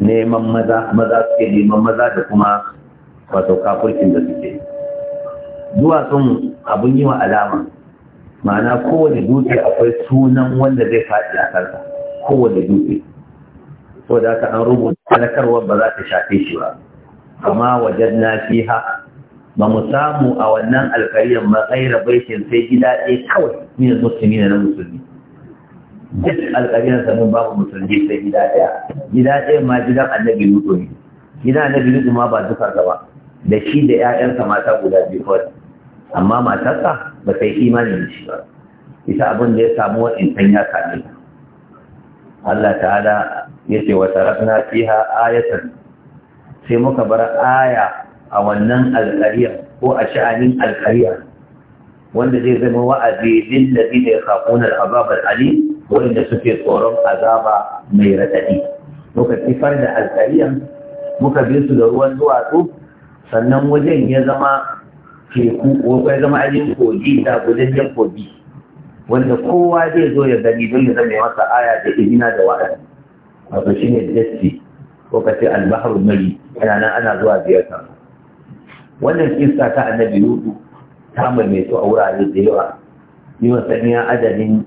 neman maza maza suke neman maza da kuma wato kafurkin da suke duwatsun abun yi wa alama ma'ana kowane dutse akwai sunan wanda zai faɗi a kansa kowane dutse so da aka an rubuta talakarwar ba za ta shafe shi ba amma wajen na fi ha ba mu samu a wannan alkariyar matsayin baitin sai gida ɗaya kawai ne musulmi na musulmi duk sa sanin babu musulmi sai gida ɗaya gida ɗaya ma gidan annabi lutu ne Gida annabi lutu ma ba duka gaba da shi da ƴaƴansa mata guda biyu kawai amma matarsa ba ta yi imani da shi ba ita abin da ya samu wa'insan ya same Allah ta'ala ya ce wa tarakna fiha ayatan sai muka bar aya a wannan alƙariya ko a sha'anin alƙariya wanda zai zama wa'azi lillazi da yakhafuna al-azab al-alim wanda suke tsoron azaba mai raɗaɗi muka kifar da alkariyan muka bi su da ruwan duwatsu sannan wajen ya zama teku ko ya zama ajin kogi da gudanjen kogi wanda kowa zai zo ya gani don ya zama masa aya da izina da wa'azi wato ne dasti ko ka ce albahar mari yana nan ana zuwa ziyarta wannan kissa ta annabi yudu ta mai a wurare da yawa yi wa saniya adadin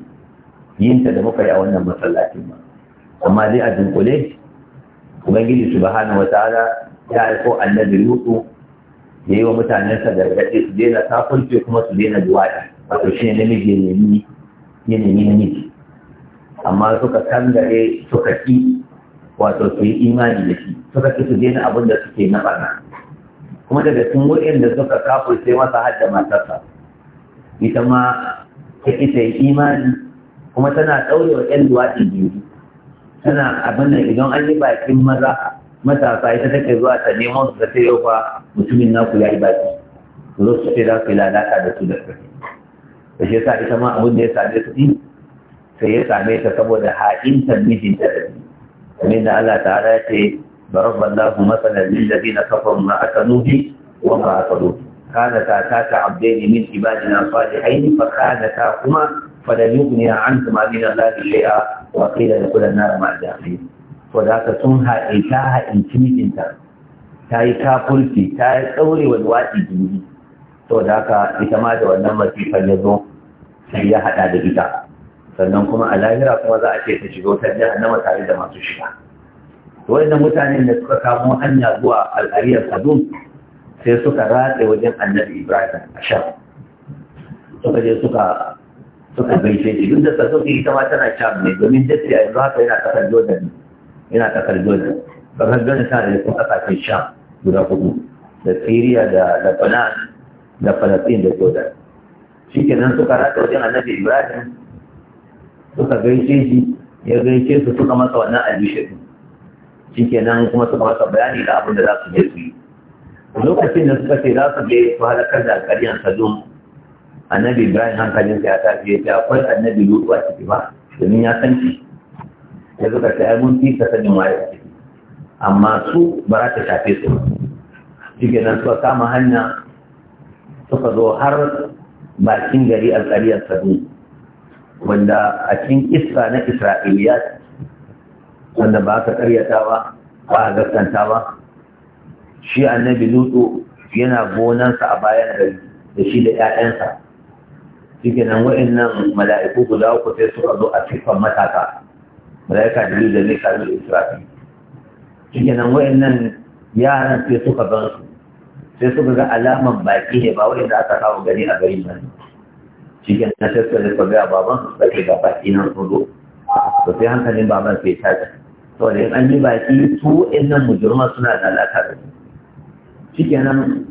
yinta ta da muka yi a wannan masallacin ba amma dai a dunkule ubangiji subhanahu ta'ala ya aiko annabi lutu ya yi wa mutanensa gargaɗe su daina kafurce kuma su daina duwaɗa wato shi ne namiji ya nemi ya nemi namiji amma suka kangare suka ki wato su yi imani da shi suka ki su daina abin da suke na ɓarna kuma daga sun da suka kafurce masa hadda matarsa ita ma ta ita yi imani kuma tana ɗaure wa ƴan luwaɗi biyu tana abin nan idan an yi bakin maza matasa ita take zuwa ta neman su ta yau fa mutumin naku ya yi baki su zo su ce za su yi lalata da su da su da shi yasa ita ma abin da ya same su ɗin sai ya same ta saboda haɗin ha'intar ta da su kuma da Allah ta hada ce masana da bi na ma a ضرب wa مثلا a كفروا kana ta ta ta كانتا min ibadina من fa kana ta kuma فلن يغني عنكما من الله شيئا وقيل يدخل النار مع الداخلين وذاك سنها إيتاها إنتمجنتا تاي كافرتي تاي توري والواتي جنجي وذاك إتما دو النمى في فليزو سيها هذا إيتا sannan kuma a lahira kuma za a ce ta shigo ta jahannama tare da masu shiga wanda mutane da suka kamo hanya zuwa al'ariyar sadun sai suka ratse wajen annabi ibrahim a sham suka je suka suka gaishe shi duk da ta sauki ita ma tana can ne domin dafi a yanzu haka yana kasar jordan yana kasar jordan kasar jordan tana da kuma kasashen sham guda hudu da syria da lebanon da palestine da jordan shi kenan suka rata wajen annabi ibrahim suka gaishe shi ya gaishe su suka masa wannan albishir shi kenan kuma suka masa bayani da abin da za su je su yi lokacin da suka ce za su je su halakar da alƙariyar sadum annabi ibrahim hankalin sa ya tafi ya ce akwai annabi lutu a ciki ba domin ya san shi ya suka ka ai mun fi sanin waye a ciki amma su ba za ta shafe su ke nan suka kama hanya suka zo har bakin gari tsariyar sabu wanda a cikin isra na Isra'iliya wanda ba ka karyata ba ba a ba? shi annabi lutu yana gonansa a bayan gari da shi da 'ya'yansa shike nan nan mala'iku guda uku sai suka zo a cikin matasa mala'ika da biyu da zai kalu israfi shike nan nan yaran sai suka zan su sai suka ga alaman baki ne ba da aka kawo gani a garin nan shike nan sai suka zai a baban su sake ga baki nan su zo to sai hankalin baban sai ta da yin an yi baki su nan mujurma suna da alaƙa da su nan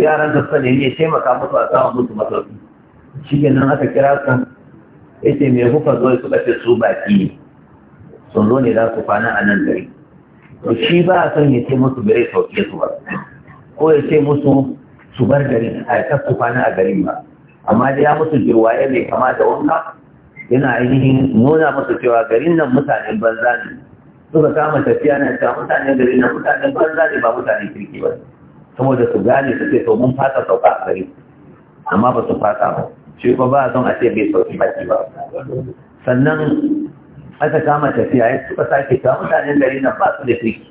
yaran da suka ne taimaka musu a samun musu masauki shi nan aka kira su ya ce mai kuka zo su ce su baki ne sun zo ne za su kwana a nan gari to shi ba a son ya ce musu bere sauke su ba ko ya ce musu su bar gari, a kas su kwana a garin ba amma da ya musu jirwaye mai kama da wanka yana ainihin nuna musu cewa garin nan mutanen banza ne suka kama tafiya na cewa mutanen garin nan mutanen banza ne ba mutanen kirki ba saboda su gane su ce to mun fasa sauka a gari amma ba su fasa ba shi ba ba son a ce bai sauki baki ba sannan aka kama tafiya ya suka sake ta mutanen gari na ba su da kirki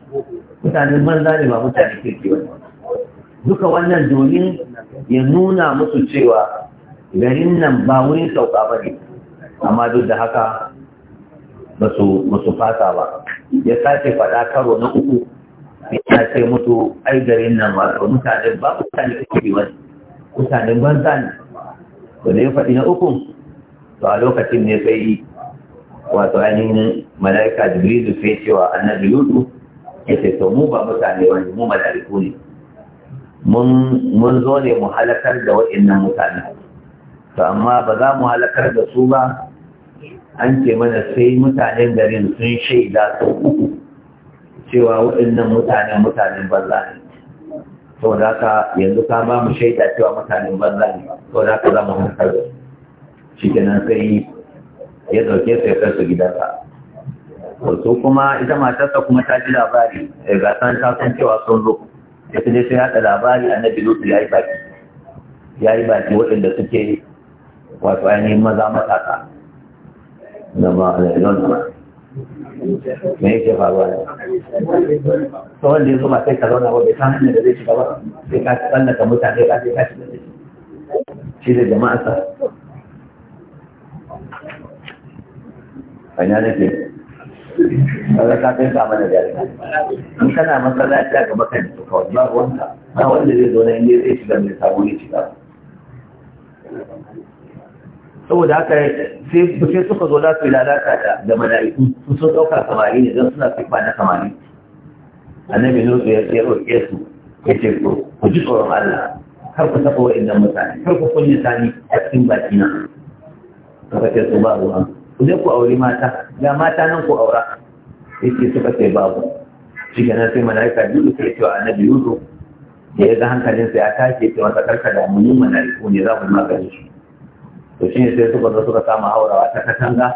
mutanen manza ne ba mutanen kirki ba duka wannan domin ya nuna musu cewa garin nan ba wurin sauka ba ne amma duk da haka ba su fasa ba ya sake faɗa karo na uku ya ce mutu ai garin nan ba mutanen ba mutanen kirki ba mutanen banza ne to ya faɗi na uku to a lokacin ne sai wato ainihin mala'ika jibrilu sai cewa annabi yudu ya ce to mu ba mutane wani mu mala'iku ne mun zo ne mu halakar da waɗannan mutane to amma ba za mu halakar da su ba an ce mana sai mutanen garin sun shaida su uku cewa waɗannan mutanen mutanen banza ne saboda haka yanzu ka ba mu shaida cewa mutanen banza ne saboda za mu hankar da shi kenan sai ya dauke sai kai su gidansa wato kuma ita matarsa kuma ta ji labari eh, ga san ta san cewa sun zo ya fi dai sai haɗa labari a annabi lutu ya yi baki ya yi baki waɗanda suke wato ainihin maza matasa na ba a me yake faruwa ne to wanda ya zo ba sai ka zauna ba bai san hanyar da zai sai ka tsallaka mutane ka sai ka shiga da da jama'a sa fanya nake kaga ka kai ka mana jari in kana masallaci ga maka ne no kawai no ruwanka ba wanda zai zo na inda zai shiga mai sabo ne shiga saboda haka sai suka zo za su yi lalata da mala'iku su sun ɗauka samari ne don suna fi na samari annabi nusu ya roƙe su ya ce ku ji tsoron Allah kar ku saka wa'innan mutane kar ku kunya sani a cikin baki na suka ce su ba ruwa ku je ku auri mata ga mata nan ku aura yake suka ce babu shi na sai mala'ika duk su ce wa annabi yusuf da ya ga hankalinsa ya tashi ya ce masa karka damu mu mala'iku ne za mu magani shi to shi ne sai suka zo suka kama haurawa ta katanga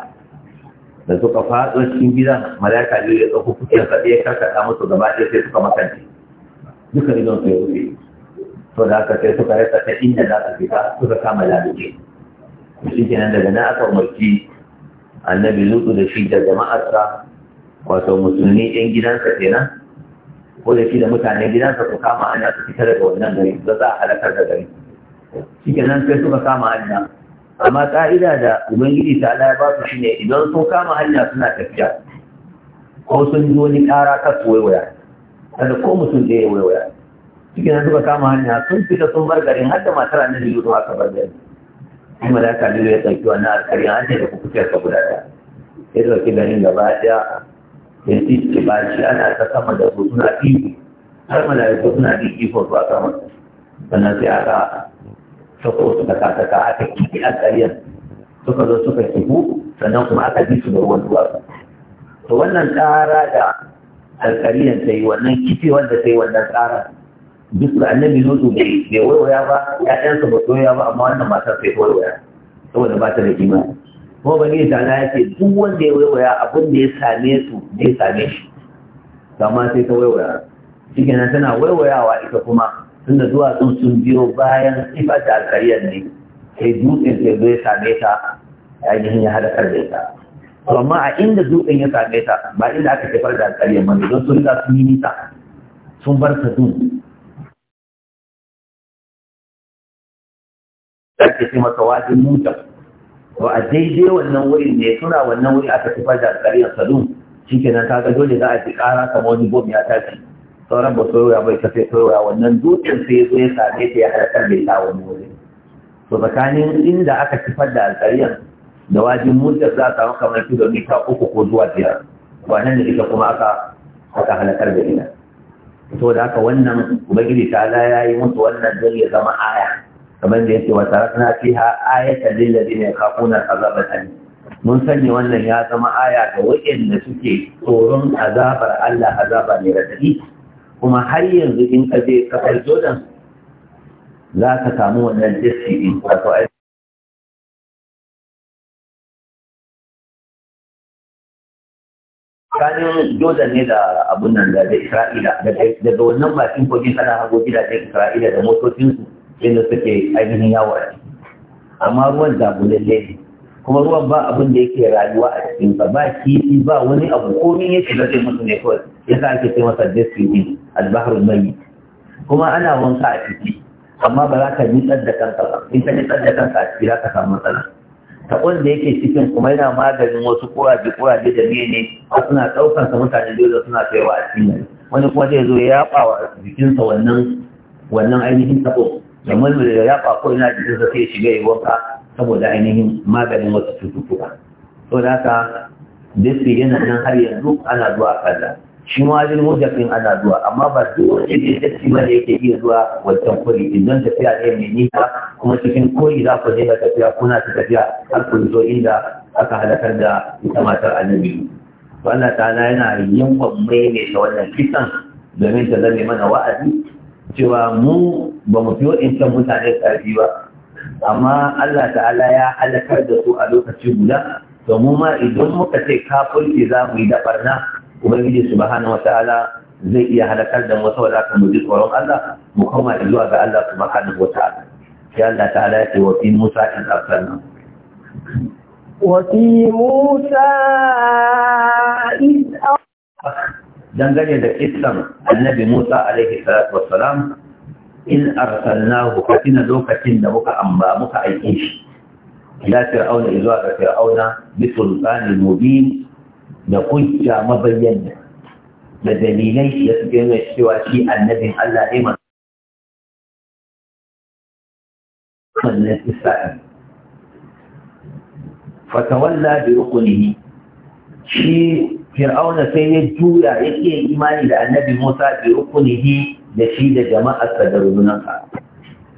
da suka faɗo cikin gidan malaka biyu ya tsoko kuke sa ɗaya karkata musu gaba ɗaya sai suka makanci duka gidan su ya rufe to da haka sai suka rasa ta inda za su fita suka kama to shi kenan daga na aka umarci annabi lutu da shi da jama'arsa wato musulmi ɗan gidansa kenan ko da shi da mutane gidansa ku kama hanya su fita daga wannan gari da za a halakar da gari shi kenan sai suka kama ana amma ƙa'ida da ubangiji ta ala ya ba su shine idan sun kama hanya suna tafiya ko sun zo wani ƙara kasu waiwaya kada ko mutum ɗaya ya waiwaya cikin na suka kama hanya sun fita sun bar garin har da matar annabi yusuf aka bar garin sai malaka lura ya ɗauki wannan alƙarin ce da kuka ka guda ɗaya ya ɗauki garin gaba ɗaya ya ce ba shi ana ta sama da su suna ihu har mala'iku suna bi ko su a sama sannan sai aka ta ko suka kasa ka aka kiki alƙaryar suka zo suka kifu sannan kuma aka bi su da ruwan duwatsu to wannan tsara da alƙaryar ta yi wannan kifi wanda ta yi wannan tsara duk da annabi lutu bai waiwaya ba ya'yansa ba soya ba amma wannan matar sai waiwaya saboda ba ta da imani kuma bani da na yace duk wanda ya waiwaya abin da ya same su zai same shi amma sai ta waiwaya shi tana waiwayawa ita kuma tunda duwatsun sun biyo bayan sifar da alkariyar ne sai dutsen sai zai same ta yayin ya halakar da ita to amma a inda dutsen ya same ta ba inda aka tafar da alkariyar ba don sun riga sun yi nisa sun bar ta dun ake ce masa wajen mutan to a daidai wannan wurin ne suna wannan wuri aka tafar da alkariyar sadun shi kenan ta ga dole za a ji kara kamar wani bom ya tashi sauran ba soyoya bai kafe sai soyoya wannan dutsen sai zo ya same ta ya harkar da ita wani wuri to tsakanin inda aka kifar da alƙaryan da wajin muddar za a samu kamar mita uku ko zuwa biyar wannan da ita kuma aka aka halakar da ita to da haka wannan ubangiji ta ala ya yi musu wannan don ya zama aya kamar da yake wata rasna fiha ayatan lil ladina yakhafuna azabal alim mun sanya wannan ya zama aya ga waɗanda suke tsoron azabar Allah azaba ne radadi kuma har yanzu in ka je kasar jordan za ka samu wannan jersey din wato a jordan ne da abun nan da isra'ila daga wannan bakin kogin ana hago gidajen isra'ila da motocinsu inda suke ainihin yawon amma ruwan zabulalle ne kuma ruwan ba abin da yake rayuwa a cikin sa ba kifi ba wani abu komai yake da sai mutum ne kawai Ya sa ake ce masa desiwi al mai kuma ana wanka a ciki amma ba za ka nitsar da kanka ba in ka nitsar da kanka a ciki za ka samu matsala Ta wanda yake cikin kuma yana maganin wasu kuraje kuraje da mene a suna ɗaukar sa mutane da suna kaiwa a cikin gari wani kuma zai zo ya yaɓa wa jikinsa wannan wannan ainihin taɓo da mulmula ya yaɓa ko ina jikinsa sai ya shiga ya wanka saboda ainihin maganin wasu cututtuka So da haka disbi yana nan har yanzu ana zuwa kaza shi ma jin mujafin ana zuwa amma ba su wanda ke tafi ba ne yake iya zuwa wancan kuri idan tafiya ne mai nisa kuma cikin kuri za ku daina tafiya kuna ta tafiya har ku zo inda aka halakar da ita matar annabi to Allah ta'ala yana yankon ta wannan kisan domin ta zame mana wa'azi cewa mu ba mu fi waɗancan mutane ƙarfi ba amma Allah ta'ala ya halakar da su a lokaci guda to mu ma idan muka ce kafirci za mu yi da barna ubangiji subhanahu ta'ala zai iya halakar da mu saboda haka mu ji tsoron Allah mu koma zuwa ga Allah subhanahu ta'ala sai Allah ta'ala ya ce wa fi Musa in arsalna wa fi Musa in dangane da kissan annabi Musa alaihi salatu wassalam in arsalnahu katina lokacin da muka amba muka aike shi ila fir'auna zuwa ga fir'auna bi sultani mubin da hujja mabayyana da dalilai da suke nuna cewa shi annabin Allah ne man Isra'il fatawalla bi rukunihi shi fir'auna sai ya juya yake imani da annabi Musa bi rukunihi da shi da jama'arsa da rundunarsa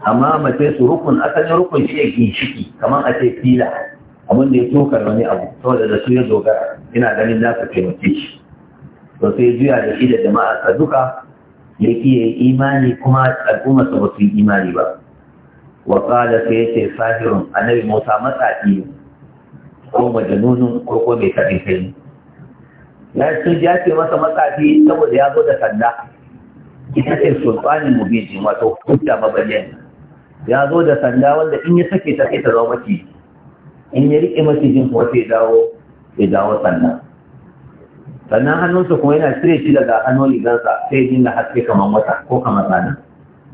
amma mace su rukun asalin rukun shi ya ginshiki kamar a ce fila abin da ya tukar wani abu saboda da su ya dogara ina ganin za su taimake shi to sai juya da shi da jama'arsa duka ya kiyaye imani kuma al'ummarsa ba su yi imani ba wa qala sai yace sahirun annabi Musa matsafi ko majnunun ko ko mai kafin kai ya ce ya masa matsafi saboda ya zo da sanda ita ce sulfanin mubiji wato hujja mabayyana ya zo da sanda wanda in ya sake ta sai ta zama in ya rike macijin kuma sai dawo sai dawo sanda sannan hannunsa kuma yana cire shi daga hannun ligansa sai dinga haske kamar wata ko kamar tsana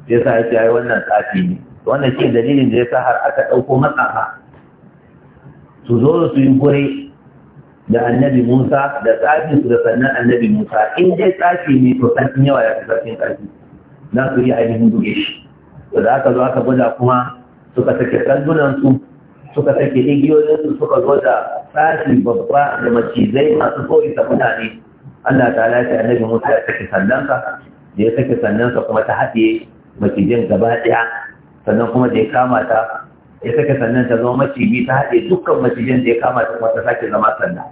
sai sa ya yi wannan tsafi ne wannan ce dalilin da ya sa har aka ɗauko matsafa su zo su yi gure da annabi Musa da tsafin su da sannan annabi Musa in dai tsafi ne to san in yawa ya fi sarkin tsafi za su yi ainihin buge shi to da aka zo aka gwada kuma suka sake sandunan su suka sake igiyoyin su suka zo da tsafi babba da macizai masu koyi ta mutane Allah ta lafi annabi Musa ya sake sandansa da ya sake sandansa kuma ta haɗe macijin gaba ɗaya sannan kuma da ya kama ta ya saka sannan ta zama macibi ta haɗe dukkan macijin da ya kama ta wata sake zama sanda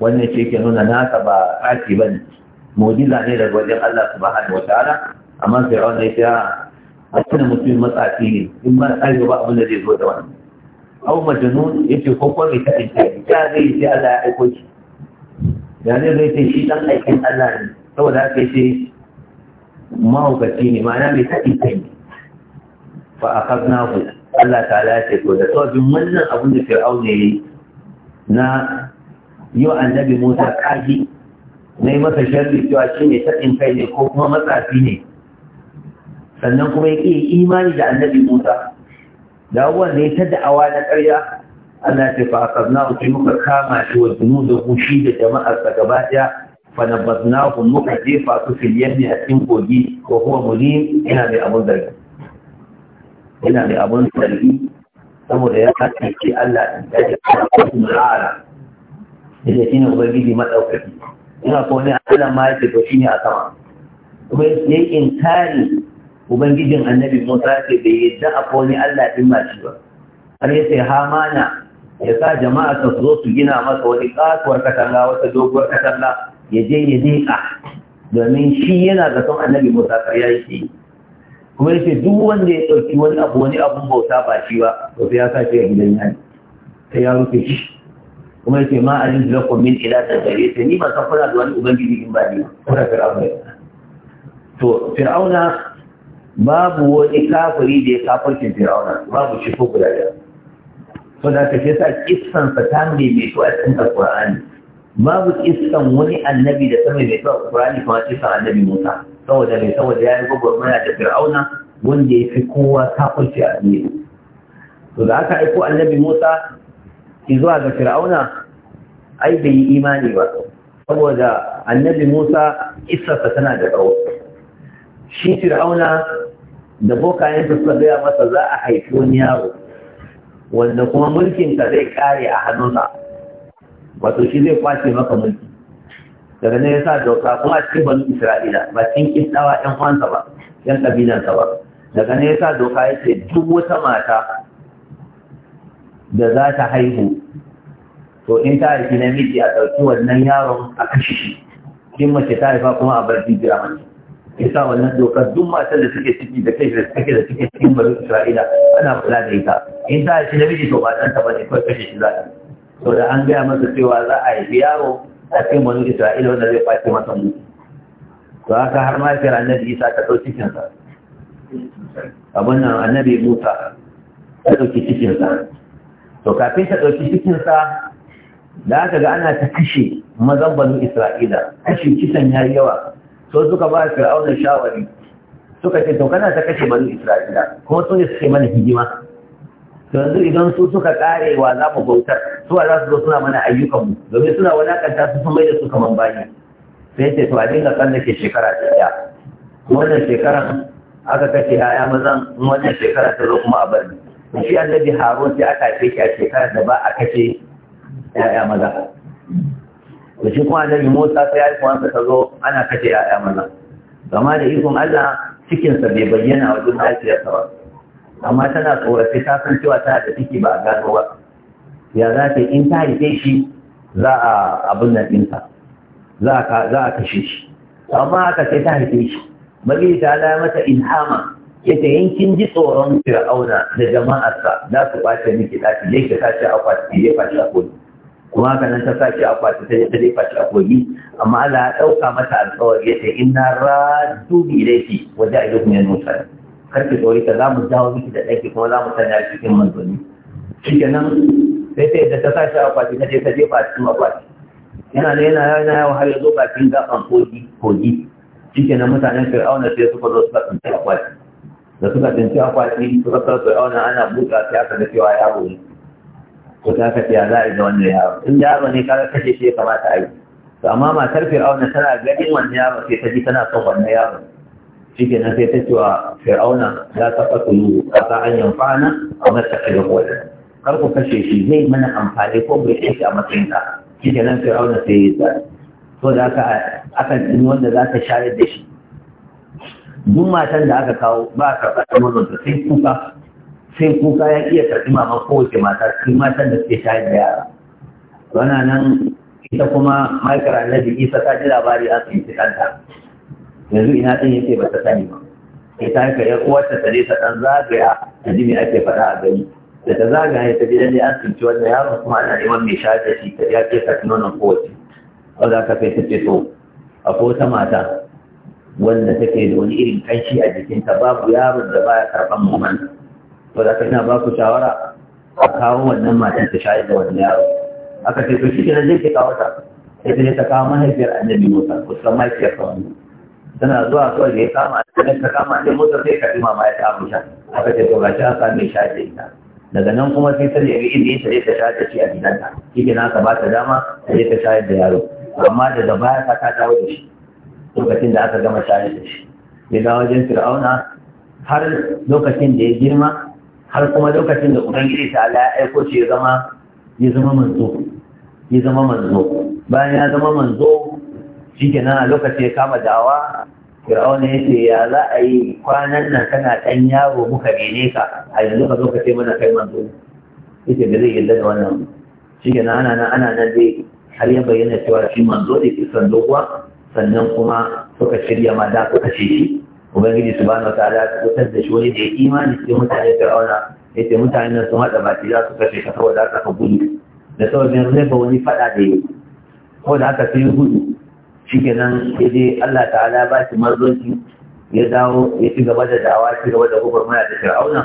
wannan shi ke nuna nasa ba ƙaci ba ne mu'jiza ne daga wajen Allah subhanahu wataala amma sai wannan ya a ah, cikin mutum matsafi ne in ba a ba abin da zai zo da wani abu majnun yace ce ko mai ta aiki ya zai yi Allah ya aiko shi da ne zai ce shi dan aikin Allah ne saboda haka ya ce mahaukaci ne ma'ana mai ta aiki ne fa akhadnahu Allah ta'ala ce ko da sababin wannan abin da fir'auna yi. na yi wa annabi Musa kaji na yi masa sharri cewa shi ne taɗin kai ne ko kuma matsafi ne sannan kuma ya ƙi imani da annabi Musa da abubuwan da ya ta da'awa na ƙarya Allah ce fa akazna ku muka kama shi wa da shi da jama'ar sa gaba ɗaya fa ku muka jefa su filiyar ne a cikin kogi ko kuma mulim ina mai abun zargi yana da abun sarki saboda ya ce Allah ya ce kuma hara da shi ne ubangiji madaukaki ina ko ne Allah ma ya ce to ne a sama kuma yayi inkari ubangijin annabi Musa ce bai yadda a ko ne Allah din ma shi ba har sai hamana ya sa jama'a su zo su gina masa wani kasuwar katanga wata doguwar katanga ya je ya dika domin shi yana son annabi Musa ya yi shi kuma ce duk wanda ya dauki wani abu wani abun bauta ba shi ba to sai ya sa shi a gidan yari sai ya rufe shi kuma yace ma alim lakum min da gare ta ni ba san kuna da wani ubangiji in ba ni kuna fir'auna to fir'auna babu wani kafiri da ya kafarkin fir'auna babu shi ko guda ɗaya to da ka sa kisan sa ta mai mai to a cikin alƙur'ani babu kisan wani annabi da ta mai mai to a alqur'ani kamar kissan annabi Musa saboda mai saboda ya yi gwagwarmaya da fir'auna wanda ya fi kowa kafurci a duniya to da aka aiko annabi musa zuwa ga fir'auna ai bai yi imani ba saboda annabi musa isarsa tana da tsawo shi fir'auna da bokayensa suka gaya masa za a haifi wani yaro wanda kuma mulkinka zai kare a hannunsa wato shi zai kwace maka mulki daga ne yasa doka kuma a cikin banu isra'ila ba cikin kistawa yan uwansa ba yan kabilansa ba daga ne ya sa doka ya ce duk wata mata da za ta haihu to in ta haifi namiji a ɗauki wannan yaron a kashe shi in mace ta haifa kuma a bar jijira mace yasa wannan dokar duk matan da suke ciki da kai da suke da suke cikin banu isra'ila ana kula da ita in ta haifi namiji to ba ɗanta ba ne kawai kashe shi za ta to da an gaya masa cewa za a haifi yaro a cikin da isra'ila wanda zai kwace masa mu to haka har ma mahaifiyar annabi isa ta ɗauki cikinsa Abun nan annabi musa ta ɗauki cikinsa to kafin ta ɗauki cikinsa da aka ga ana ta kashe mazan banu isra'ila kashe kisan ya yawa so suka ba fir'auna shawari suka ce to kana ta kashe banu isra'ila kuma to ne suke mana hijima yanzu idan su suka kare wa za mu bautar su za su zo suna mana ayyukan mu domin suna walakanta su sun mai da su kamar bani sai ce to a dinga ke shekara ta ɗaya wannan shekaran aka kashe ya'ya mazan wannan shekara ta zo kuma a bari shi annabi harun sai aka haife shi a shekarar da ba a kashe ya'ya maza da shi kuma annabi musa sai kuma ta zo ana kashe ya'ya maza Gama da ikon allah cikinsa bai bayyana wajen mahaifiyarsa ba amma tana tsorafi ta san cewa ta da take ba a gano ba ya za ta in ta haife shi za a abin nan ɗinsa za a kashe shi amma aka sai ta haife shi bari ta la mata ilhama ya ta yankin ji tsoron fir'auna da jama'arsa za su ɓace miki ɗaki ya ke sace a ta ya fashi a kogi kuma haka ta sace a ta ta jefa shi a kogi amma Allah ya ɗauka mata alƙawari ya ce inna radu bi ilayki wa ja'ilukum min musalin karfe tsori ta za mu jawo miki da ɗaki kuma za mu sanya cikin manzoni shi nan, sai sai da ta sa shi akwati ta je ta jefa a cikin akwati yana ne yana yana yawa har ya zo bakin gaban kogi kogi shi nan mutanen fir'auna sai suka zo suka tsinci akwati da suka tsinci akwati suka sa fir'auna ana buɗa sai aka ga cewa yaro ne ko ta ka ya za a yi da wannan yaro in yaro ne kaga kashe shi ya kamata a yi to amma matar fir'auna tana ganin wannan yaro sai ta ji tana son wannan yaro shike nan sai ta ce wa fir'auna za ta fasulu a ta yamfana a matsaka da kowace kar ku kashe shi zai mana amfani ko bai aiki a matsayin ka shike nan fir'auna sai ya tsaya so da aka aka tsini wanda za ta shayar da shi duk matan da aka kawo ba a karɓar da mazanta sai kuka sai kuka ya iya karɓi maman kowace mata sai matan da suke shayar da yara wana nan ita kuma maikar annabi isa ta ji labari a tsinci kanta yanzu ina ɗan yake ba ta sani ba sai ta haka ya uwarta ta ne ta ɗan zagaya ta ji me ake faɗa a gari da ta zagaya ta gidan ne an tsinci wannan yaron kuma ana neman mai shayar da shi ta ya ce ta nonon kowace wanda ka kai ta ce to akwai wata mata wanda take da wani irin kanshi a jikinta babu yaron da baya karɓan maman Ba za ka ina ba ku shawara a kawo wannan matan ta shayar da wannan yaro aka ce to shi ne zai ke kawo ta sai ta kawo mahaifiyar annabi musa kusan mahaifiyar kawai tana zuwa kawai da ya kama cikin ka kama da motar sai ka ɗima ma ya abu sha aka ce to gashi an mai sha da ita daga nan kuma sai ta nemi izini ta je ta sha da shi a gidanta shi na ka ba ta dama ta je ta shayar da yaro amma da daga baya ta ta dawo da shi lokacin da aka gama shayar da shi ya ga wajen fir'auna har lokacin da ya girma har kuma lokacin da ubangiji ta ala ya aiko shi ya zama ya zama manzo ya zama manzo bayan ya zama manzo shi nan a lokacin ya kama dawa fir'auna ya ce ya za a yi kwanan nan kana ɗan yaro muka bene ka a yanzu ka zo ka ce mana kai manzo ce ba zai yarda da wannan shi kenan ana nan ana nan dai har ya bayyana cewa shi manzo da ke son doguwa sannan kuma suka shirya ma da suka ce shi ubangiji su wataala ya kubutar da shi wani da ya imani ce mutane fir'auna ya ce mutanen sun haɗa baki za su kashe ka saboda haka ka gudu da sauran zai ba wani faɗa da yi saboda haka sai gudu shikenan ya je Allah ta'ala ba shi marzoci ya dawo ya ci gaba da dawa ci gaba da gwagwarmaya da fir'auna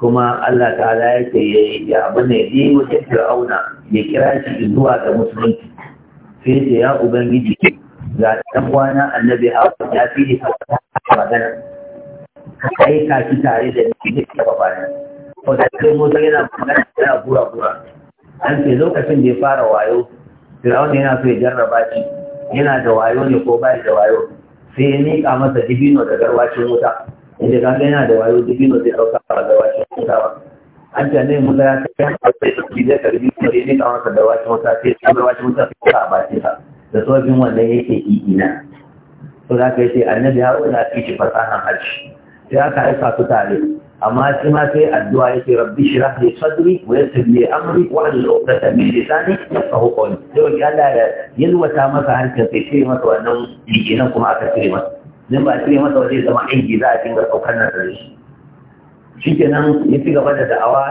kuma Allah ta'ala ya ce ya abin ya je wajen fir'auna ya kira shi zuwa ga musulunci sai ce ya ubangiji ga ɗan kwana annabi hawa ya fi ni magana ka kai ka tare da ni ne ka babana ko da kai mota yana magana yana gura gura an ce lokacin da ya fara wayo fir'auna yana so ya jarraba shi yana da wayo ne ko bai da wayo sai ya miƙa masa dibino da garwacin wuta inda ga yana da wayo dibino zai ɗauka a garwacin wuta ba an ta ne musa ya kai ya kai da kuɗi zai karbi kuma ya ka masa da garwacin wuta sai ya garwacin wuta sai ya a shi sa da tsohon wannan yake ina to za ka yi sai annabi ya wuce a cikin fasahan harshe sai aka haifa su tare amma shi ma sai addu'a yake rabbi shrah li sadri wa yassir li amri wa ta 'uqdatan min lisani yafqahu qawli sai wani Allah ya yalwata masa hankali sai cire masa wannan bikinan kuma aka cire masa dan ba cire masa waje zama aiki za a dinga saukar nan da shi shikenan ya ci gaba da da'awa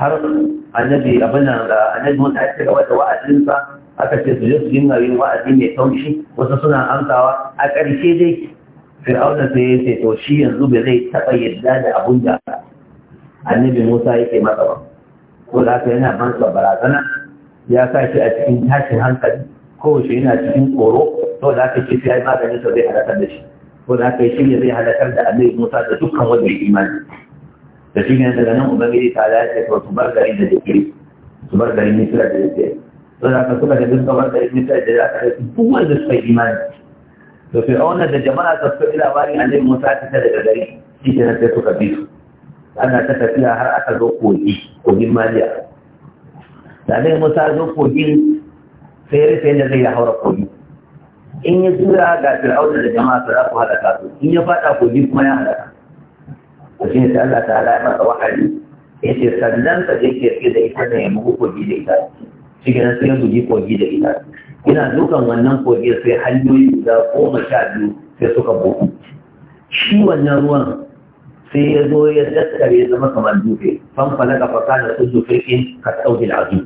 har annabi abin nan da annabi mun ta ci gaba da wa'azinsa aka ce su je su dinga yin wa'azi mai taushi wasu suna amsawa a ƙarshe dai fir'auna sai ya ce to shi yanzu ba zai taɓa yadda da abun da annabi musa yake masa ba ko da haka yana masa barazana ya sa shi a cikin tashin hankali Ko kowace yana cikin tsoro Ko da haka shi sai maganin sa zai halakar da shi ko da haka shi ne zai halakar da annabi musa da dukkan wanda ya imani da shi ne daga nan ubangiji ta ya ce to su bar gari da jikiri su bar gari misira da jikiri to da haka suka da dukkan bar gari misira da jikiri duk wanda suka imani da fir'auna da jama'a ta suka yi labarin annabi musa ta ta daga gari shi ke sai suka bi su ana ta tafiya har aka zo kogi kogin maliya da annabi musa zo kogin sai ya da zai ya haura kogi in ya tura ga fir'auna da jama'a za ku halaka su in ya fada kogi kuma ya halaka to shine sai Allah ta'ala ya masa wahayi yace sannan je yake da ita ne mu kogi da ita shi ke nan sai ya guji kogi da ita Ina dukan wannan kogi sai hanyoyi guda goma sha biyu sai suka buɗu shi wannan ruwan sai ya zo ya daskare ya zama kamar dutse famfana ka fasa da su dutse in ka da lazu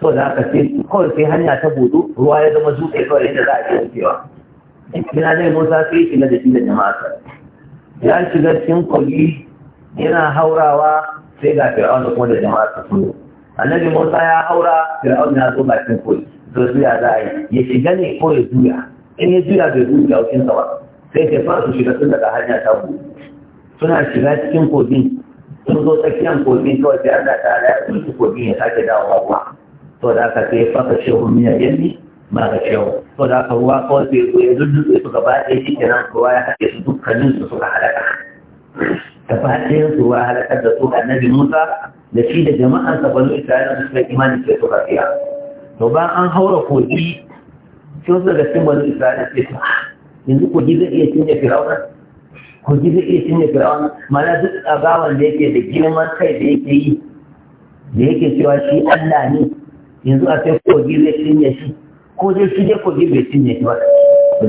to da aka ce kawai sai hanya ta buɗu ruwa ya zama dutse kawai yadda za a iya wucewa ina zai musa sai shiga da shi da jama'a ya shiga cikin kogi yana haurawa sai ga fir'auna kuma da jama'a sun annabi musa ya haura fir'auna ya zo bakin kogi to juya za a yi ya shiga ne ko ya juya in ya juya bai zuwa yaukinsa ba sai ke fara su shiga tun daga hanya ta bu suna shiga cikin kogin sun zo tsakiyar kogin kawai sai Allah ta ala ya tsinci kogin ya sake dawowa ruwa to da aka sai fasa shehu miya yanni ma ga shehu to da aka ruwa kawai sai zo ya zuddutse su gaba ɗaya shi kenan ruwa ya haɗe su dukkanin su suka halaka gaba ɗayan su ruwa halakar da su annabi Musa da shi da jama'ansa banu Isra'ila suka imani sai suka tsira to ba an haura kogi sai wasu daga cikin da isra'ila ce ta yanzu kogi zai iya cinye firawuna. kogi zai iya cinye firawuna. mana duk tsagawan da yake da girman kai da yake yi da yake cewa shi allah ne yanzu a sai kogi zai cinye shi ko dai shi dai kogi bai cinye shi ba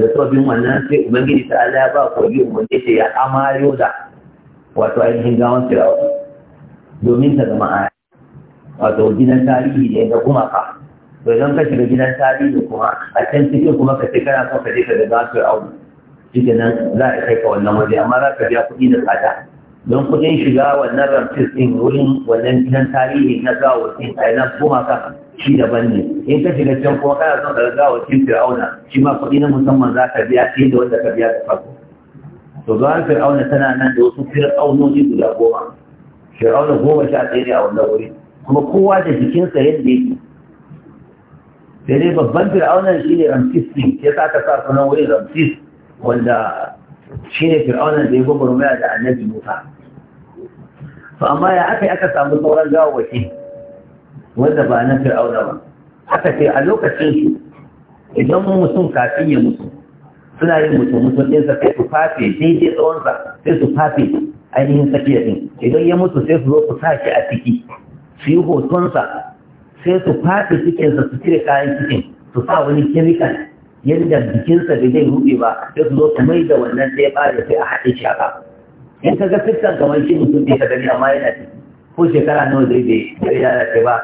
da sabbin wannan sai ubangiji ta Allah ya ba kogi umarni ce ya amariyo da wato ainihin gawan firawa domin ta zama aya wato gidan tarihi ne kuma ka. to idan ka shiga gidan tarihi kuma a can cikin kuma ka ce kana son ka je ka da za su yi aure shi nan za a kai ka wannan waje amma za ka biya kuɗi da tsada don kuɗin shiga wannan ramfis ɗin wurin wannan gidan tarihi na gawawakin a yana koma ka shi daban ne in ka shiga can kuma kana son ka gawawakin fir'auna shi ma kuɗi na musamman za ka biya fiye da wanda ka biya da farko to zuwan fir'auna tana nan da wasu fir'aunoni guda goma fir'auna goma sha ɗaya ne a wannan wuri kuma kowa da jikinsa yadda yake sai dai babban fir'aunan shi ne ramsis ne ya sa ka sa sunan wurin ramsis wanda shi ne fir'aunan da ya gwagwarmaya da annabi musa to amma ya aka yi aka samu sauran gawawwaki wanda ba na fir'auna ba aka ce a lokacin su idan mutum kafin ya mutu suna yin mutum mutum ɗinsa sai su fafe daidai tsawonsa sai su fafe ainihin tsakiyar ɗin idan ya mutu sai su zo ku sa shi a ciki su yi hotonsa sai su faɗi cikinsa su cire kayan cikin su sa wani kemikal yadda jikinsa da zai rufe ba sai su zo su mai da wannan sai ɓare sai a haɗe shi a in ka ga fiskan kamar shi mutum bai ka gani amma yana ci ko shekara nawa zai bai lalace ba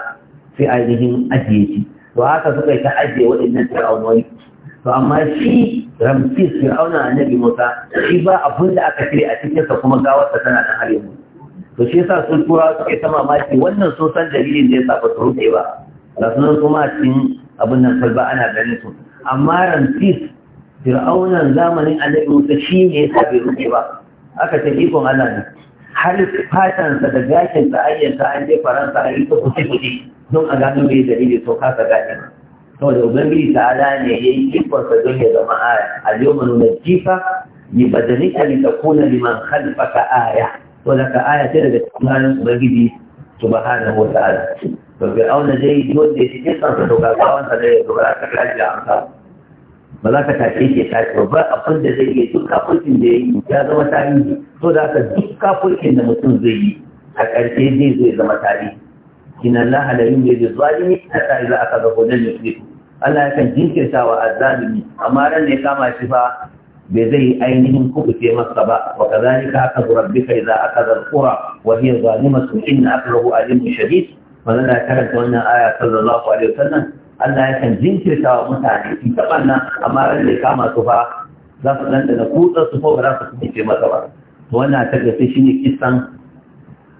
sai ainihin ajiye shi to haka suka yi ta ajiye waɗannan fir'aunoni to amma shi ramsis fir'auna annabi musa shi ba abun da aka cire a cikinsa kuma gawarsa tana da har yanzu to shi yasa sun tura suke ta mamaki wannan sun san dalilin da yasa ba su rufe ba ga sunan kuma cikin abin nan kwalba ana ganin su amma ramsis fir'aunan zamanin annabi musa shi ne yasa bai rufe ba aka ce ikon allah ne har fatansa da gashin sa sa an je faransa a yi ta kuce kuce don a gano mai dalili to kasa gashin saboda ubangiji ala ne ya yi sa don ya zama a yau manu na jifa ni badanika li takuna liman khalfaka aya wadaka aya ce daga cikin halin ubangiji subhanahu wata ala to fi auna dai wanda ya cikin sa doka ga kawan zai yi to ba ka kaji a hanka ba za ka tafi ke tafi. ba abin da zai yi duk kafurkin da yi ya zama tarihi so da ka duk kafurkin da mutum zai yi a ƙarshe zai zai zama tarihi zuwa yi. a يملي za a kaga أخذه ya fito Allah ya kan jinkirta wa azzalimi amma ran ne kama shi fa bai zai ainihin kubuce masa ba wa kazalika haka za idza akaza alqura wa hiya zalimatun inna akrahu alimun shadid wannan da karanta wannan aya sallallahu alaihi wasallam Allah ya kan jinkirta wa mutane su taɓa nan amma ran da kama su fa za su ɗanɗana kutsa su ko ba za su kubuce masa ba to wannan ta shi shine kisan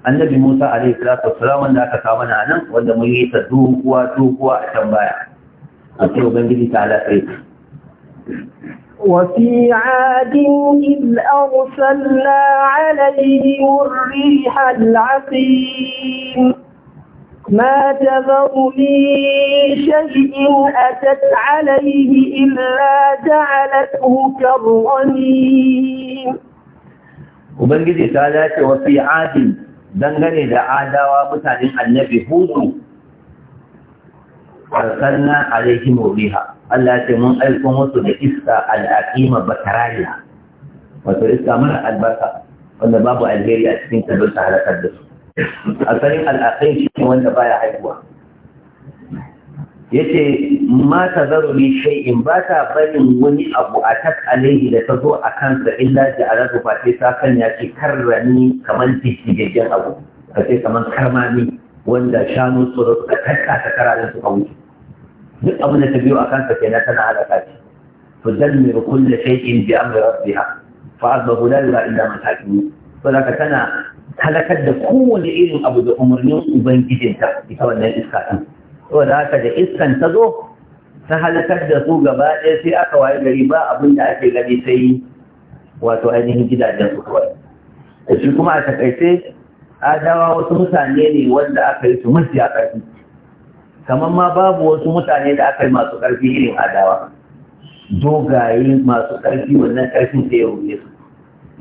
annabi Musa alaihi salatu wassalam wanda aka kawo mana nan wanda mun yi ta dukuwa-dukuwa a can baya a ce ubangiji ta sai. وفي عاد إذ أرسلنا عليهم الريح العقيم ما تذر من شيء أتت عليه إلا جعلته كالرميم Ubangiji ta dace wasu adin dangane da adawa mutanen annabi hudu, ƙarƙar na alaihimu riha. Allah ce mun aiko musu da iska al'aqima batarariya wato iska mara albarka wanda babu alheri a cikin ta don halakar da su asalin al'aqim shi ne wanda baya haihuwa yace ma ta zaru ni in ba ta barin wani abu a tak alaihi da ta zo a kansa illa ji a ba sai ta sanya ce karrani kamar jijjigaggen abu ka ce kamar karmami wanda shanu su suka kakka ta kararin su a wuce duk abin da ta biyo a kansa kenan tana halaka shi tudammiru kulli shay'in bi amri rabbiha fa asbahu la mata illa man hakimu saboda tana halakar da kowane irin abu da umarnin ubangijinta ita wannan iska din saboda haka da iskan ta zo ta halakar da su gaba ɗaya sai aka waye gari ba abin da ake gani sai wato ainihin gidajen su kawai da shi kuma a takaice adawa wasu mutane ne wanda aka yi su mafi a ƙarfi kamar ma babu wasu mutane da aka yi masu ƙarfi irin adawa dogaye masu ƙarfi wannan ƙarfin sai ya rufe su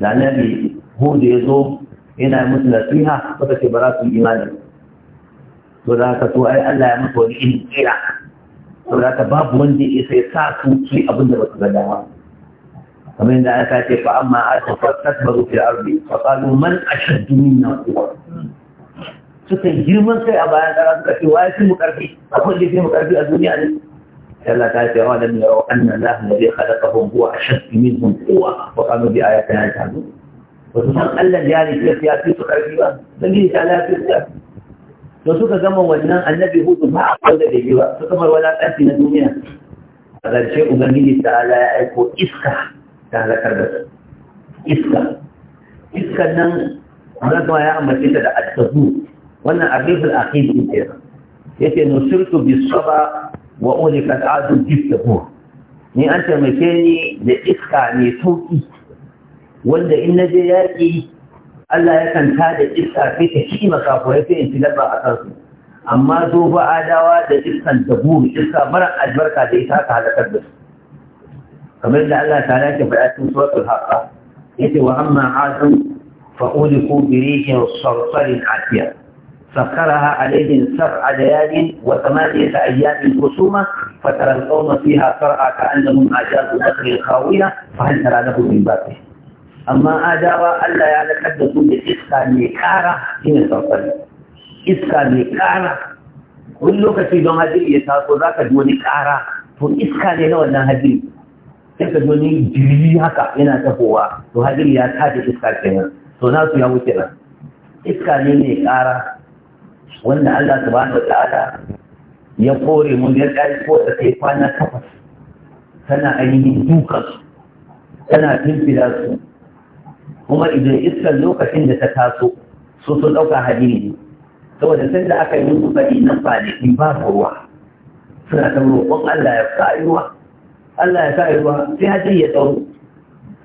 da nabi hudu ya zo yana yi musu nasiha suka ce ba za su imani to da haka to ai Allah ya mutu wani irin kira to da haka babu wanda ya sai sa su ci abin da ba su ga dama kamar yadda aka ce fa amma a tafaskat baru fil ardi fa qalu man ashaddu minna kuwa. suka girman kai a bayan kara suka ce waye fi mu karfi akwai da fi mu karfi a duniya ne Allah ta ce wa lam yarau anna Allah alladhi khalaqahum huwa ashaddu minhum quwwa wa kanu bi ayatina yajhadun su san Allah ya rike ya fi su karfi ba dan yi ta lafiya ta to suka gama wannan annabi hudu ba a da bai ba suka bar wala kanti na duniya a ƙarshe ubangiji ta ala ya aiko iska ta halakar da su iska iskan nan Allah ya amince ta da al attabu wannan arifin aqidi ne yace nusirtu bisaba wa ulikat adu bisabur ni an taimake ni da iska mai sauki wanda in na je yaƙi Allah ya ta da iska sai ta ci makafurai sai in ci lamba a kansu amma zo ba adawa da iskan da buru iska mara albarka da ita ka halakar da su kamar da Allah ta lake faɗa cikin suratul ya ce wa amma azum fa uliku bi sarsarin سخرها عليهم سبع ليال وثمانية أيام خصومة فترى القوم فيها صرعى كأنهم أجاز نخل خاوية فهل ترى له من باقي أما أداوى ألا يتحدثوا بالإسكا ميكارة حين الصرصري إسكا ميكارة كل لوكتي دون هدري يتاكو ذاك دون كارة فإسكا لنوى أنها هدري sai ka wani jiri haka yana tafowa to hadiri ya tashi iska kenan كارة Wannan Allah subhanahu wataala ya kore mun ya kai ko da kai kwana takwas tana ainihin duka su tana fimfila su kuma idan iskar lokacin da ta taso su sun ɗauka hadiri ne saboda sai da aka yi musu fadi nan ba ne in ba ruwa suna ta roƙon Allah ya sa ruwa Allah ya sa ruwa sai hadiri ya tsaro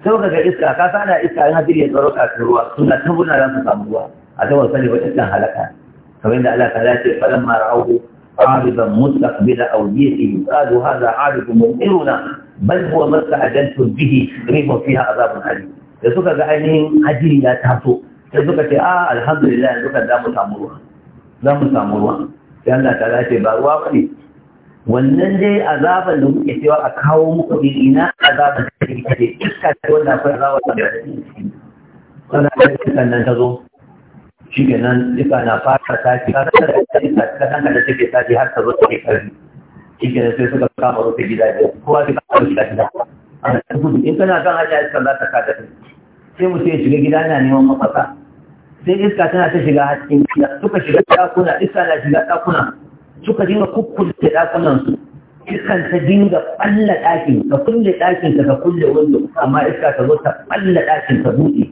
sau daga iska ka na iska in hadiri ya tsaro kafin ruwa suna ta buna za su samu ruwa a zaman sani ne wata halaka kamar yadda Allah ta ce falan عارضا مستقبل اوديته قالوا هذا عارض ممطرنا بل هو ما استعجلتم به ريح فيها عذاب اليم da suka ga ainihin ajiri ya taso sai suka ce a ah, alhamdulillah yanzu kan za mu samu ruwa ta ba ruwa wannan dai azaban da muke cewa a kawo muku din ina azaban da take kace iska ce wanda akwai azaban da take cikin wannan kan nan ta zo shi ke nan duka na fara tafi har da kanan da take tafi har ta zo take karfi shi ke nan sai suka kama rufe gidaje kowa sai kama gida gida in kana kan hanya iska za ta kada ta sai mutum ya shiga gida na neman mafaka sai iska tana ta shiga cikin gida suka shiga dakuna, iska na shiga ɗakuna suka dinga kukkulta ɗakunan su iskan ta dinga ɓalla ɗakin ka kulle ɗakin ka kulle wando amma iska ta zo ta ɓalla ɗakin ka buɗe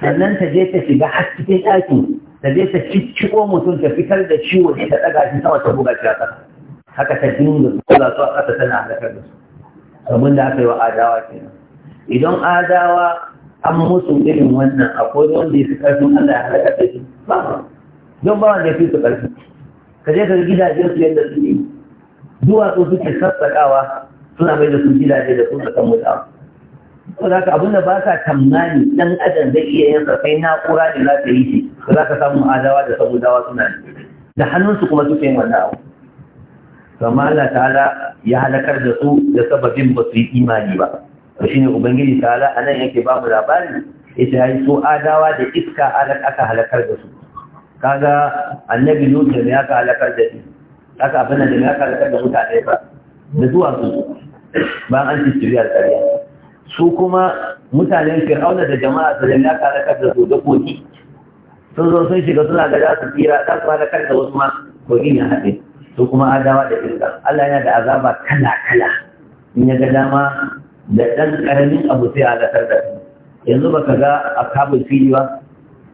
sannan ta je ta shiga har cikin ɗakin ta je ta cicciko mutum ta fitar da ciwo ta ɗaga shi sama ta buga shi haka ta dinga kula su a ƙasa tana halakar da su abin da aka yi wa adawa kenan idan adawa an musu irin wannan akwai wanda ya fi ƙarfin Allah ya halakar da shi don ba wanda ya fi su ƙarfi ka je ka ga gidajen su yadda su yi. duwatsu suke sassaƙawa suna mai da su gidaje da sun sakan mutawa ko za ka abin da ba ka tamani ɗan adam zai iya yin sarfai na na'ura da za ta yi shi ko za ka samu adawa da dawa suna da hannunsu kuma suke yin wannan abu kama Allah ta'ala ya halakar da su da sababin ba su yi imani ba to shine ubangiji ta'ala anan yake ba mu labari yace ai su adawa da iska aka halakar da su kaga annabi lut da ya halakar da shi aka abin da ya halakar da mutane ba da zuwa su ba an ci tiriya alƙariya su kuma mutanen fir'auna da jama'a su lalla ta da kasar su da kogi. sun zo sun shiga suna da za su tsira za su halakar da wasu ma kogin ya haɗe su kuma adawa da irka Allah yana da azaba kala kala in ya ga dama da ɗan ƙaramin abu sai a gasar da su yanzu baka ga a kabin fili ba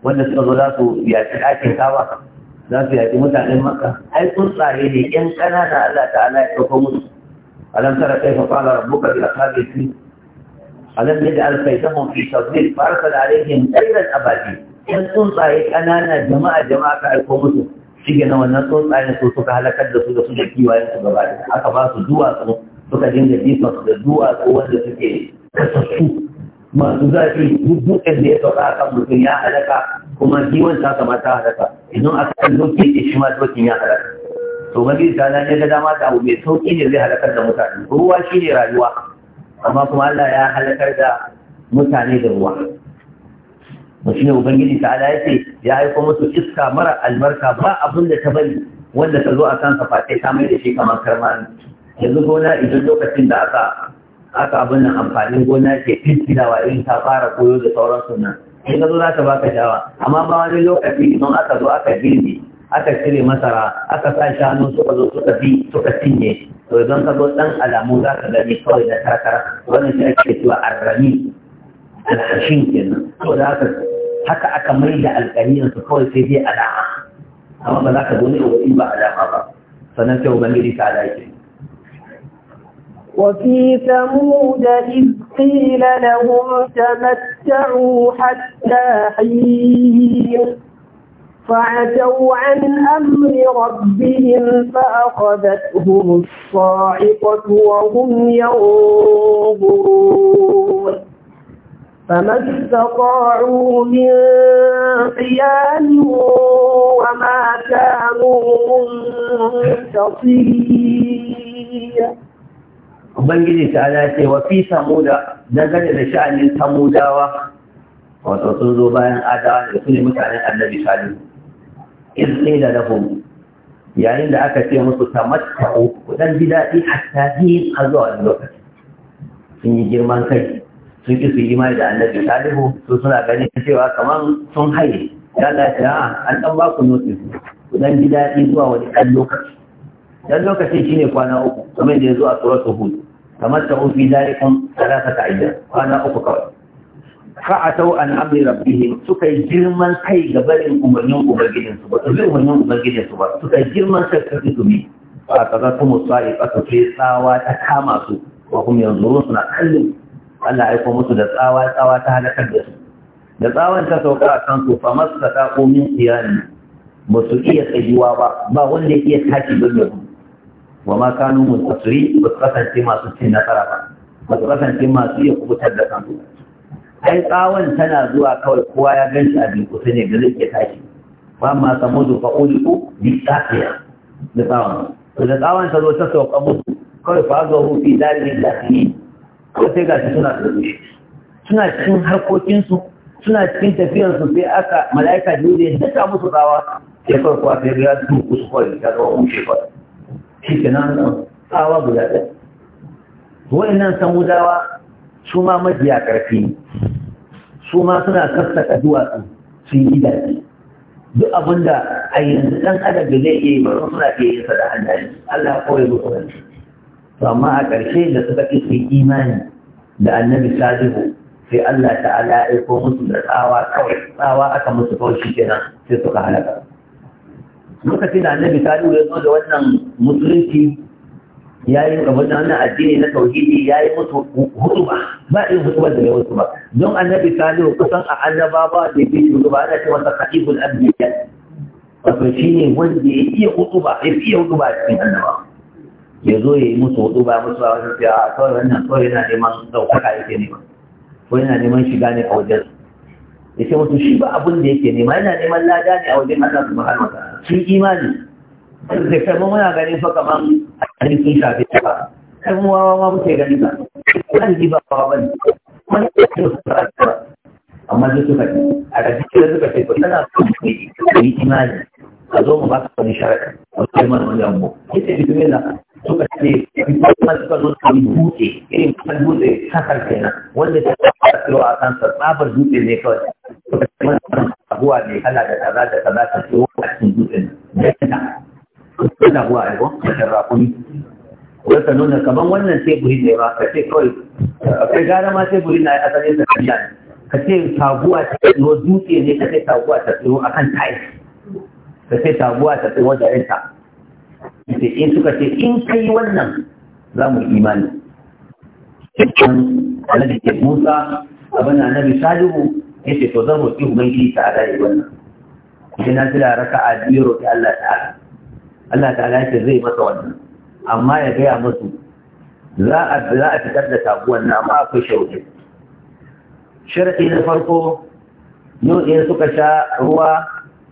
wanda suka zo za su yaƙi ɗakin kawa za su yaƙi mutanen maka ai tsaye ne ƴan ƙanana Allah ta'ala ya ɗauko musu alam tara kaifa qala rabbuka bil ashabi alam yaj'al kaydahum fi tadlil farsal alaihim tayran abadi dan tsuntsaye kanana jama'a jama'a ka aiko shige na wannan tsuntsaye su suka halakar da su da su da kiwayen su gaba da aka ba su duwatsu suka dinga jifa su da duwatsu wanda suke kasassu masu zafi dukkan da ya sauka a kan mutum ya halaka kuma kiwon ta ta halaka idan aka kan doke ke shi ma dokin ya halaka to mabi ta nan ya ga dama ta abu mai sauki ne zai halakar da mutane ruwa shi ne rayuwa amma kuma Allah ya halakar da mutane da ruwa mutum ne ubangiji ta ala ce ya aiko musu iska mara albarka ba abin da ta bari wanda ta zo a kan sa fate ta mai da shi kamar karman yanzu gona idan lokacin da aka aka abin nan amfanin gona ke fitilawa irin ta fara koyo da sauran sunan sai ka zo za ta baka shawa amma ba wani lokaci idan aka zo aka girbi aka cire masara aka sa shanu suka zo suka bi suka cinye to idan ka zo dan alamu za ka gani kawai da karkara wannan shi ake cewa arrami alhashin kenan to da haka haka aka mai da alƙaliyar su kawai sai dai alama amma ba za ka zo ne a wuri ba alama ba sannan sai ubangiji ta dace وفي ثمود إذ قيل لهم تمتعوا حتى حين فعتوا عن أمر ربهم فأخذتهم الصاعقة وهم ينظرون فما استطاعوا من قيام وما كانوا منتصرين أبنجل تعالى وفي ثمود نزل بشأن ثمود وتطردوا بين آدم وكل مكان النبي صلى الله عليه وسلم da lahum yayin da aka ce musu uku, kudan ji daɗi hatta hin a zuwa wani lokaci sun yi girman kai sun ki su yi imani da annabi salihu su suna ganin cewa kamar sun haye ya Allah ya an dan ba ku notice kudan ji daɗi zuwa wani ɗan lokaci dan lokacin shine kwana uku kamar da ya zo a su hud tamatta'u fi darikum salasata ayyam kwana uku kawai fa'atau an amri rabbihim suka yi girman kai ga barin umarnin ubangijin ba su bi umarnin ubangijin ba suka yi girman kai ka su bi. ba ka za ta musa ba ƙasa fi tsawa ta kama su ba kuma yanzu ruwan suna kallon Allah aiko musu da tsawa tsawa ta halakar da su da tsawon ta sauka a kansu su fa masu ta komin tsiyani ba su iya tsayuwa ba ba wanda ya iya tashi ba mai wa ma kanu mun tasiri ba su kasance masu cin nasara ba ba su kasance masu iya kubutar da kansu ai tsawon tana zuwa kawai kowa ya gan shi a binkusa ne ga zai tashi ba ma samu da fa'uli ko bisafiya da tsawon to da tsawon ta zo ta sauka musu kawai fa zuwa fi dalilin da su ko sai ga suna tsarushi suna cikin harkokinsu suna cikin su sai aka mala'ika biyu da ya musu tsawa sai kawai kuwa sai ya duku su kawai ta zuwa hufi kawai shi ke nan tsawa guda ɗaya wa'annan samudawa su ma majiya ƙarfi su ma suna sassaka duwatsu su yi gidaje duk abin da a yanzu ɗan adam da zai iya yi suna iya yin sa da hannaye Allah kawai musu wani to amma a ƙarshe da suka ƙi su imani da annabi salihu sai Allah ta'ala ya aiko musu da tsawa kawai tsawa aka musu kawai shi kenan sai suka halaka lokacin da annabi salihu ya zo da wannan musulunci ya yi wannan addini na tauhidi ya yi musu hutuba ba irin ba da ya musu ba don annabi salihu kusan a annaba ba da bi hutuba ana ce masa khatibul anbiya wato ne wanda ya iya hutuba ya iya hutuba cikin annaba ya zo ya yi musu hutuba musu ba wasu ce a ah, kawai wannan kawai yana neman ɗaukaka yake nema ko yana neman shiga ne a wajen ya ce musu shi ba abin da yake nema yana neman lada ne a wajen Allah subhanahu wa ta'ala shi imani da karmu muna ganin fa kamar a cikin shafi ba kar mu wawa ma muke gani ba kan ji ba wawa bane wani da ke fara ba amma duk suka ji a da cikin da suka ce ko tana so yi imani a zo mu ba baka wani sharaka a kai mana wani abu ne na suka ce kuma suka zo su dutse irin kan dutse kakar kenan wanda ta fara tsiro a sa tsabar dutse ne kawai suka ce mana abuwa ne kana da kaza da kaza ta tsiro a cikin dutse ne suna kuwa a yawon kasar rakuni wata nuna kaman wannan teburi ne ba ka ce kawai akwai gara ma teburi na asalin da kanya ne ka ce taguwa ta tsiro dutse ne ka ce taguwa ta tsiro a kan tayi ka ce taguwa ta tsiro da yanta in suka ce in ka yi wannan za mu imani cikin alaɗi ke musa abin da nabi salihu ya ce to zan roƙi ubangiji ta ala yi wannan sai na tila raka a biyu roƙi allah ta'ala Allah ta'ala ce zai masa wannan amma ya gaya masu. za a fitar da taguwan nan akwai shauƙi sharadi na farko yau in suka sha ruwa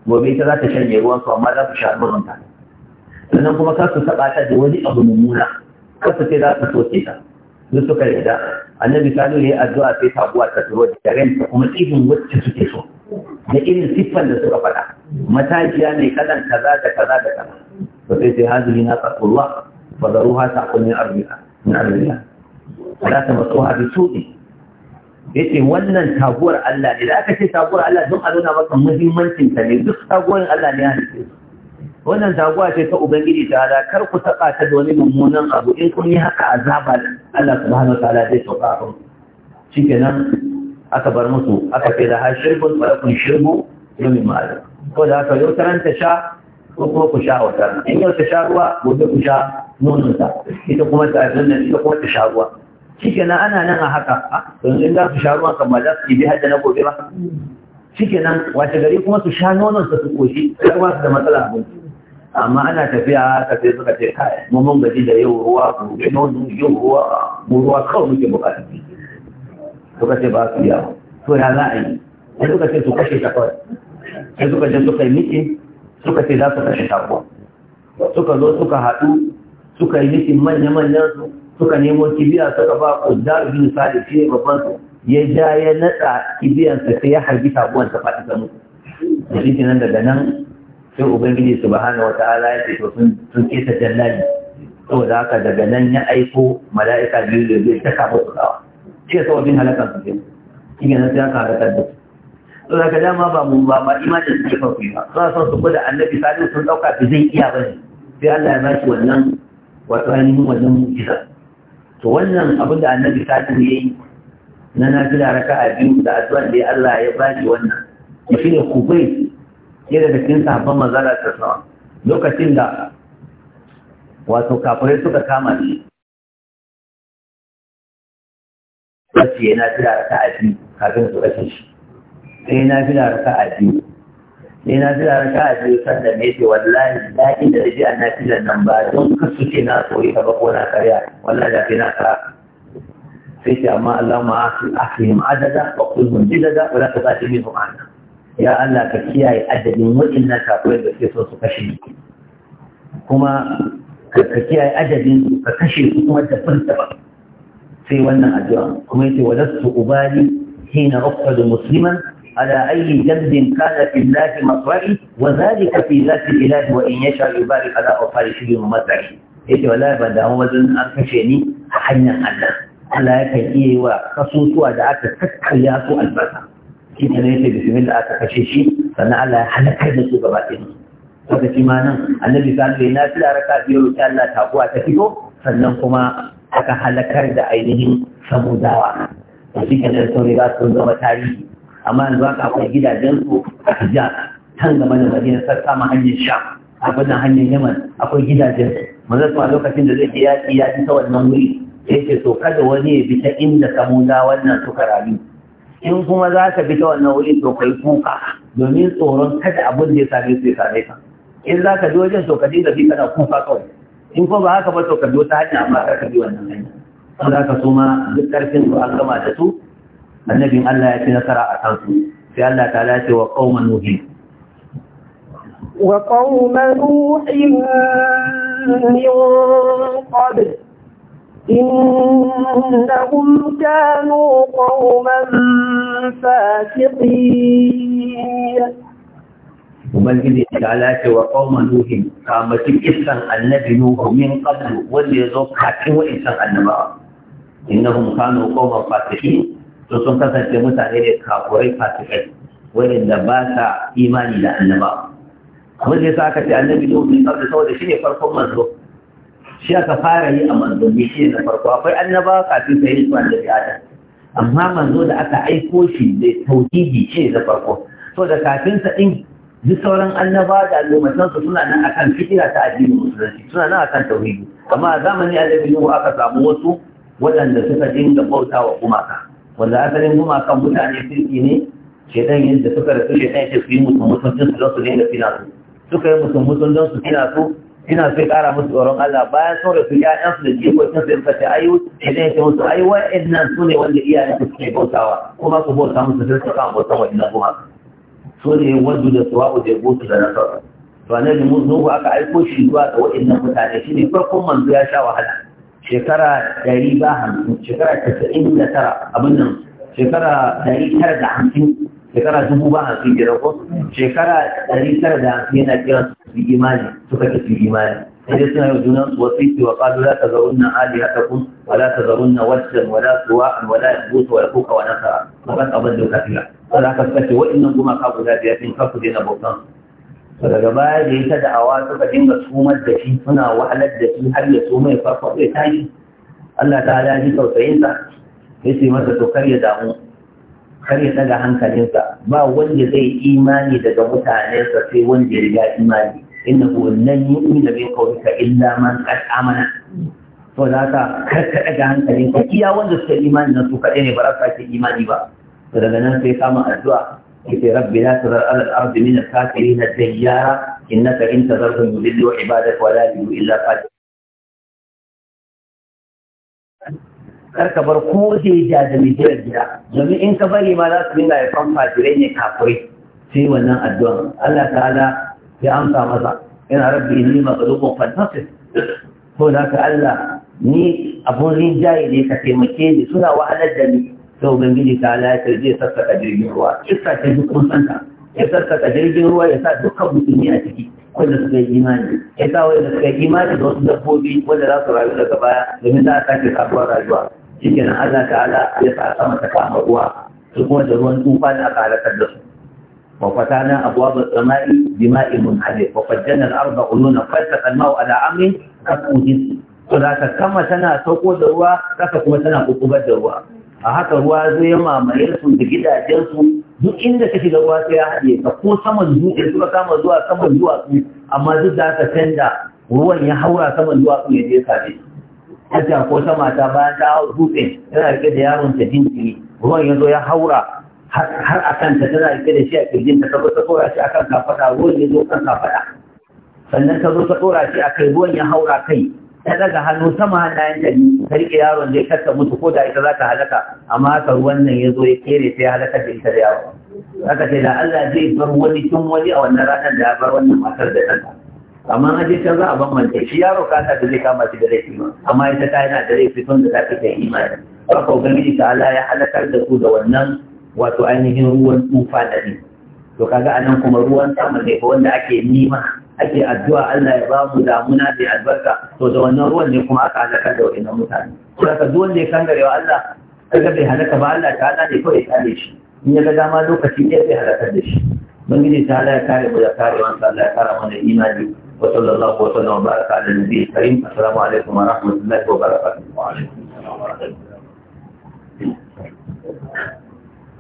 gobe ita za ta shanye ruwan su amma za su sha ruwan sannan kuma kar su taɓa ta da wani abu mummuna Wasu su ce za su soke ta duk suka yarda annabi salihu ya yi addu'a sai taguwa ta turo da yaren kuma tsihin wacce suke so da irin siffan da suka faɗa matajiya mai kalan kaza da kaza da kaza to sai sai hazili na tsakullah fa ruha ta kunni arzika Na arbiya wala ta matsuha bi suɗi yace wannan taguwar Allah ne da aka ce taguwar Allah don a nuna maka muhimmancin ta ne duk taguwar Allah ne ya wannan taguwa ce ta ubangiji ta da kar ku taba ta da wani mummunan abu in kun yi haka azaba Allah subhanahu wa ta'ala zai tsoka a kan shikenan aka bar musu aka ce da har shirkun farakun shirbu domin ma'ala ko da aka yau taran ta sha ko kuma ku sha wata in yau ta sha ruwa gobe ku sha nononta ita kuma ta nan ita kuma ta sha ruwa na ana nan a haka ah, yanzu in za su sha ruwa kamar za su ibi hadda na gobe ba nan wace gari kuma su sha nononta su koshi ya kuma su da matsala a abinci amma ana tafiya tafi suka ce kai mu mun gaji da yau ruwa gobe nono yau ruwa mu ruwa kawai muke bukata suka ce ba su yawa to ya za a yi sai suka ce su kashe ta kawai sai suka je suka yi miki suka ce za su kashe ta kuwa suka zo suka haɗu suka yi miki manya-manyan su suka nemo kibiya suka ba ku dar bin shi ne babban su ya ja ya naɗa kibiyan su sai ya harbi tabuwan ta faɗi ta mutu da shi nan daga nan sai ubangiji subhanahu wata'ala ya ce to sun sun kesa jallali saboda haka daga nan ya aiko mala'ika biyu da biyu ta kafa su kawa shi ya sababin halakar su ke shi ne sai da su daga dama ba mu ba ba imanin su ba za su su annabi salihu sun ɗauka fi zai iya ba ne sai Allah ya ba shi wannan wato ainihin wannan mu'jiza to wannan abin da annabi salihu ya yi na nafila raka a biyu da addu'an da Allah ya ba shi wannan shi ne kubai yana daga cikin sahabban mazara ta sawa lokacin da wato kafirai suka kama shi wacce yana fila raka a biyu kafin su kashe shi sai yana fila raka a biyu sai yana fila raka a biyu sannan ne ce wallahi da inda da ji a na fila nan ba don kasu ce na tsori ka ba ko na karya wallahi da fi na ka sai ce amma Allah ma afihim adada wa kullum jidada wa la tasati minhum anna ya Allah ka kiyaye adadin waɗannan kafirai da ke so su kashe ni kuma ka kiyaye adadin ka kashe su kuma da furta ba sai wannan addu'a kuma yace walastu ubali hina uqtadu musliman على أي جنب كان في الله kafi وذلك في ذات الإله ya يشاء bari على أطفال شبه ممتعي yake wala ban da wajen an kashe ni a hanyar Allah Allah ya kan iya wa kasusuwa da aka kakkarya su albasa shi ne yake bismillah aka kashe shi sannan Allah ya halakar da su gaba ɗaya wata ma nan annabi sallallahu alaihi wasallam ya nafila raka biyu ta Allah ta kuwa ta fito sannan kuma aka halakar da ainihin samudawa da shi ke da sauri ba su zama tarihi amma yanzu haka akwai gidajen su a hijaz kan gaba da madina sun kama hanyar sha a wannan hanyar yaman akwai gidajen su su a lokacin da zai yaƙi ya fi ta wannan wuri Ya ce to kada wani ya bi ta inda samudawan wannan suka rayu in kuma za ka bi ta wannan wuri to kai kuka domin tsoron kada abin da ya same su ya same ka in za ka ji wajen to ka dinga bi kana kuka kawai in ko ba haka ba to ka biyo ta hanya amma kar ka bi wannan hanya saboda haka su ma duk karfin su an gama da su annabin Allah ya ci nasara a kansu sai Allah ta ce wa qauman nuhi wa qauman nuhi min qabl إنهم كانوا قوما فاسقين ubangiji ta lace wa qauma nuhin kamakin isan annabi nuhu min qablu wanda ya zo kafin wa isan annabawa innahum kanu qauman fasiqin to sun kasance mutane ne kafurai fasikai wanda ba sa imani da annabawa abin da sa aka ce annabi nuhu min qablu saboda shi ne farkon manzo shi aka fara yi a manzo, ne shi ne na farko akwai annabawa kafin sai yi su annabi adam amma manzo da aka aiko shi da tauhidi shi ne na farko saboda kafin sa din duk sauran annaba da su suna nan akan fikira ta addinin musulunci suna nan akan tauhidi amma a zamanin annabi nuhu aka samu wasu waɗanda suka dinga bautawa wa gumaka wanda asalin gumakan mutane kirki ne shedan yadda suka rasu shedan ce su yi musu mutuncin su don su dinga fina su suka yi musu mutum don su fina su ina sai kara musu tsoron Allah bayan sun rasu su da jikokin su suka ce ayu shedan ya ce musu ayuwa, idan su wanda iyayen su suke bautawa kuma su bauta musu sai su kan bautan gumaka so ne wadu da tsawabu da gutu da nasara to annabi musu aka aiko shi zuwa ga waɗannan mutane shi ne farkon manzo ya sha wahala shekara ɗari ba hamsin shekara tasa'in da tara abin nan shekara ɗari tara da hamsin shekara dubu ba hamsin jira ko shekara ɗari tara da hamsin yana kiran su imani suka tafi imani sai suna yau junan wasiki wa qalu la tazarunna alihatakum wa la tazarunna wajdan wa la suwa'an wa la yabut wa yaquqa nasara faqad abaddu kathira sai aka sace wa'annan kuma ka guda biyar din ka kuje na bautan daga baya da ita da awa suka dinga tsumar da shi suna wahalar da shi har ya tsoma ya farko zai tashi Allah ta'ala ji tausayinsa ya ce masa to kar ya damu kar ba wanda zai imani daga mutanensa sai wanda ya riga imani innahu lan yu'mina bi ka illa man qad amana to da haka kar ka daga hankalin ka wanda suka imani na su kaɗai ne ba za imani ba to daga nan sai kama addu'a كيف رب لا تذر على الأرض من الكافرين الديارة إنك إن تذرهم يذلوا عبادك ولا يذلوا إلا فاتح karka bar ko sai ja da jiran gida domin in ka bari ma za su dinga ya fan fajirai ne kafirai sai wannan addu'an Allah ta'ala ya amsa masa yana rabbi inni maghlubun fantasir ko da ka Allah ni abun rinjaye ne ka taimake ni suna wahalar da ni sai ubangiji ta ala ya zai sassaka jirgin ruwa iska ta duk kun santa ya sassaka jirgin ruwa ya sa dukkan musulmi a ciki wanda suka yi imani ya sa wanda suka yi imani da wasu dabbobi wanda za su rayu daga baya domin za a sake sabuwar rayuwa shi kenan Allah ta'ala ya sa sama ta kama ruwa su kuma da ruwan tufa da a halakar da su وفتحنا أبواب السماء بماء منهمر وفجرنا الأرض عيونا فالتقى الماء على أمر قد أوجد فذاك كما سنة سوقو دروا ذاك كما سنة قطبة دروا a haka ruwa zai mamaye su da gidajensu duk inda kake da ruwa sai ya haɗe ka ko saman dutse suka kama zuwa saman duwatsu amma duk da ka canza ruwan ya haura saman duwatsu ya je kabe hajja ko ta mata bayan ta dutse yana rike da yaron ta jinjiri ruwan ya ya haura har a kanta tana rike da shi a kirjin ta zo ta tsora shi akan kafada ruwan ya zo kan kafada sannan ta zo ta tsora shi a kai ruwan ya haura kai ta daga hannu sama hannayen ta biyu ta rike yaron da ya kasta mutu ko da ita za ta halaka amma haka ruwan nan ya zo ya kere ta ya halaka da ita da yawa haka ce da Allah zai bar wani tun wani a wannan ranar da ya bar wannan matar da ɗanta amma an je can za a bambanta shi yaro kasa da zai kama shi da laifi ba amma ita ta yana da laifi tun da ta fi kai imani haka ubangiji ta Allah ya halakar da ku da wannan wato ainihin ruwan tufa da ne to kaga anan kuma ruwan sama ne wanda ake nima ake addu'a Allah ya bamu damuna da albarka to da wannan ruwan ne kuma aka halaka da wa'annan mutane to haka duk ya kangarewa Allah kaga bai halaka ba Allah ta Allah ne kawai ya kare shi in ya ga dama lokaci ɗaya zai halaka da shi ubangiji ta Allah ya kare mu da kare sa Allah ya kara mana imani wa sallallahu wa sallam wa baraka ala nabiyyi karim assalamu alaikum wa rahmatullahi wa barakatuh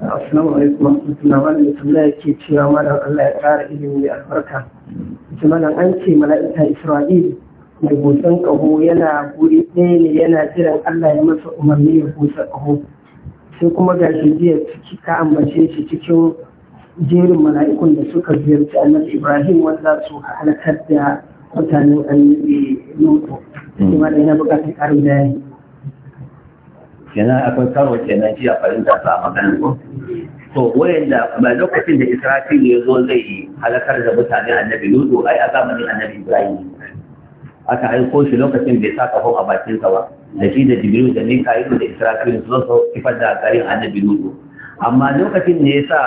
Assalamu alaikum warahmatullahi wabarakatuh. Tambaya ke cewa malam Allah ya kara ilimi da albarka. Ita malam an ce mala'ika Isra'il da busan ƙaho yana guri ɗaya ne yana jiran Allah ya masa umarni ya busa ƙaho. Sai kuma ga shi jiya ka ambace shi cikin jerin mala'ikun da suka ziyarci annabi Ibrahim wanda su halakar da mutanen annabi Nuhu. Sai malam yana buƙatar ƙarin bayani. kenan akwai karo kenan shi a farin ta sa magana ko to wayanda ba lokacin da Israfil ya zo zai halakar da mutane annabi Lutu ai a zamanin annabi Ibrahim aka ko shi lokacin bai sa kafa a bakinsa ba da shi da Jibril da Mika'il da Israfil su zo kifar da garin annabi Lutu amma lokacin ne ya sa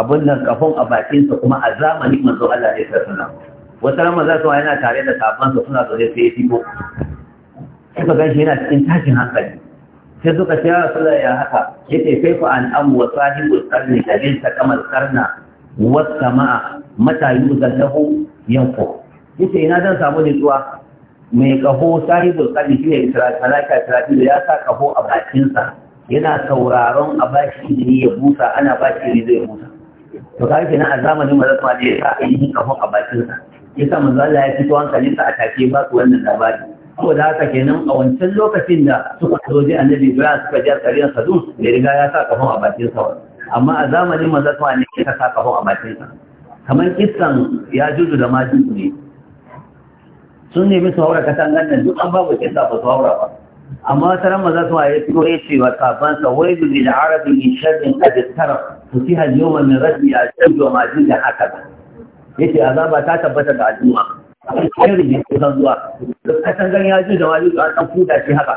abin nan kafon a bakinsa kuma a zamanin manzo Allah ya sa suna wata rama za su yana tare da sabon su suna zaune sai ya fito suka gan shi yana cikin tashin hankali sai suka ce wa sallar ya haka ce sai ku an amu wa sahibul karni kalin ta kamar karna wata ma'a matayu zallahu yanko ce ina zan samu nutsuwa mai kaho sahibul karni shi ne isra'ilaka da ya sa kaho a bakinsa yana sauraron a bashi jini ya busa ana bashi ne zai busa to yake na a zamanin manzon ma ne ya sa a yi kaho a bakinsa Ya sa Allah ya fito hankalinsa a take ba su wannan labari ko da haka kenan a wancan lokacin da suka soji ji annabi Ibrahim suka ji a tsariyar sadun da riga ya sa kafin a bakin sa amma a zamanin manzo sa ne ya sa kafin a bakin sa kamar kissan ya juju da maji ne sun nemi su haura katangan nan duk an babu kissa ba su haura ba amma wata ran maza su ya fito ya ce wa kafansa wai bi da arabi min sharrin qad taraf futiha al-yawma min rasmi a juju wa da haka yace azaba ta tabbata da al'umma alkhairi ne kusan zuwa lokacin gan ya ji da wani an ɗan kuda shi haka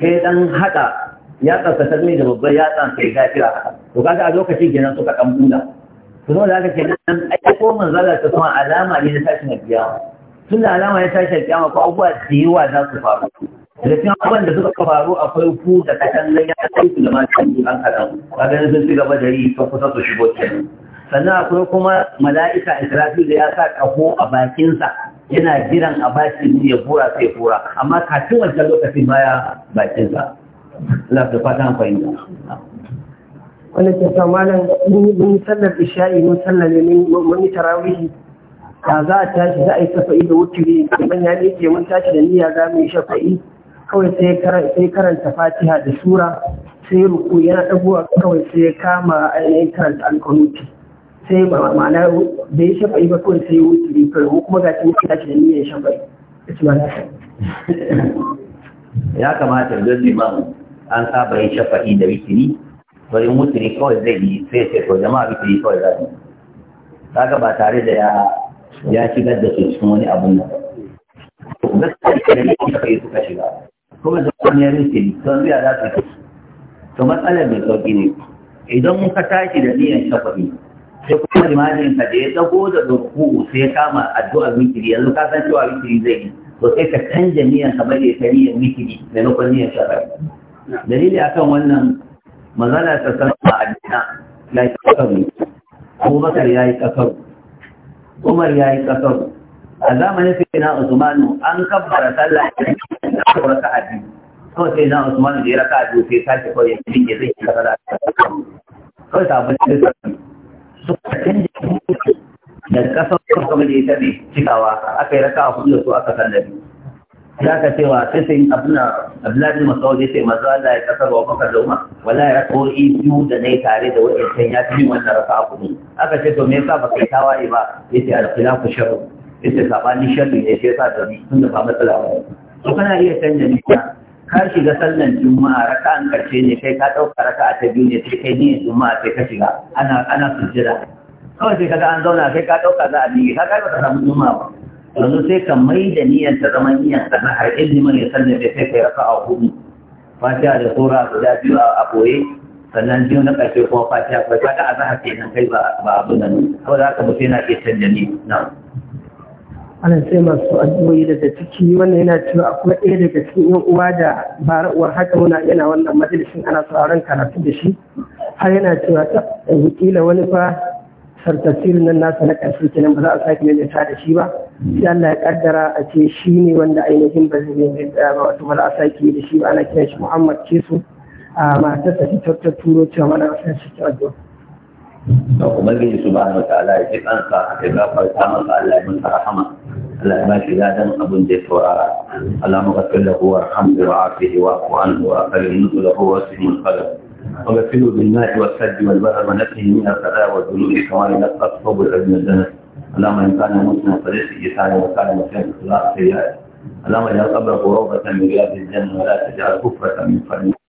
sai ɗan hada ya tsaka mai da babbar ya tsan sai gafira haka to kaga a lokacin kenan suka dan buda kuma da aka ce nan ai ko manzala ta kuma alama ne na tashin kiyama tun da alama ya tashin kiyama ko abubuwa da yawa za su faru da cikin abubuwan da suka faru akwai ku da katangan ya tsaye su da masu an kaɗan kaga yanzu ci gaba da yi sun kusa su shigo kenan sannan akwai kuma mala'ika israfi da ya sa ƙaho a bakinsa yana jiran a bashi ne ya bura sai bura amma kafin wancan lokaci baya bakinsa Allah ta fata fahimta wanda ke samanin mun sallar isha'i mun sallar ne mun yi tarawihi da za a tashi za a yi safa'i da wuturi kamar ya ne ke mun tashi da niyya za mu yi shafa'i kawai sai karanta fatiha da sura sai ruku yana ɗagowa kawai sai kama ainihin karanta alkanuti sai ma'ana da ya shafa'i yi bakon sai wuce ne kawai Kuma kuma gashi mutum tashi da niyyar shafa ya ci ba shafa ya kamata da liman an saba shafa shafa'i da wikiri bari wutiri kawai zai yi sai sai ko jama'a wikiri kawai za su kaga ba tare da ya ya shigar da su cikin wani abun nan gaskiya da shafa'i shiga kuma da wani ya don biya za su to matsalar mai sauƙi ne idan muka tashi da niyyar shafa'i sai kuma limamin ka da ya dago da ruku sai ya kama addu'ar mikiri yanzu ka san cewa mikiri zai yi to sai ka canja niyan ka bari ta niyan na maimakon niyan sharar dalili akan wannan magana ta san a addina ya yi kakaru abubakar ya yi kasar umar ya yi kasar a zamanin sai na usmanu an kabbara sallah da kuma ka addini kawai sai na usmanu da ya raka a sai sake kawai ya fi zai yi kasar a kawai sabon sai su kan da kasar kuma da ita ne cikawa aka yi raka a hudu su aka sallabi za ka cewa sai sai abdullahi masaud ya ce mazu ya kasar wa kuka zauma wala ya ko'i biyu da na yi tare da wa'ancan ya fi wannan raka a hudu aka ce to me yasa ba kai tawaye ba ya ce ku sharru ya ce saɓanin sharri ne sai sa ni, tun da ba matsala ba to kana iya canja nisa ka shiga sallan juma'a raka an karshe ne kai ka ɗauka raka a ta biyu ne sai kai niyyar juma'a sai ka shiga ana ana sujjada kawai sai kaga an zauna sai ka ɗauka za a miƙe ka kai baka samu juma'a ba yanzu sai ka mai da niyyar ta zama niyyar ta har ilmi mai sallan da sai kai raka a hudu fatiha da sura guda biyu a boye sannan biyu na ƙarshe kuma fatiha kai kaga a zahar kenan kai ba abin nan kawai za ka mutu yana ke canja ni na'am ana sai masu addu'o'i daga ciki wannan yana cewa akwai ɗaya daga cikin yan uwa da bara haka muna yana wannan majalisin ana sauran karatu da shi har yana cewa kila wani fa sartasirin nan nasa na ƙarshe kenan ba za a sake mai ta da shi ba sai Allah ya kaddara a ce shi ne wanda ainihin ba zai mai ba wato ba za a sake da shi ba ana kiran shi Muhammad Kesu a matarsa ta turo cewa mana a san shi ta addu'a da ubangiji subhanahu wataala ya ce kansa ya gafarta masa Allah ya masa rahama Allah ya bashi ladan abin da ya saurara Allah mu gaskar lahu wa rahamtu wa afihi wa anhu wa akrim nuzu lahu wa simul qalam وغسلوا بالماء والثلج والبر ونفه من القضاء والذنوب كما ينقى الصوب من الجنة اللهم ان كان مسلما فليس جسانا وكان مسلما فلا سيئات اللهم اجعل قبره روضة من رياض الجنة ولا تجعل كفرة من قلبه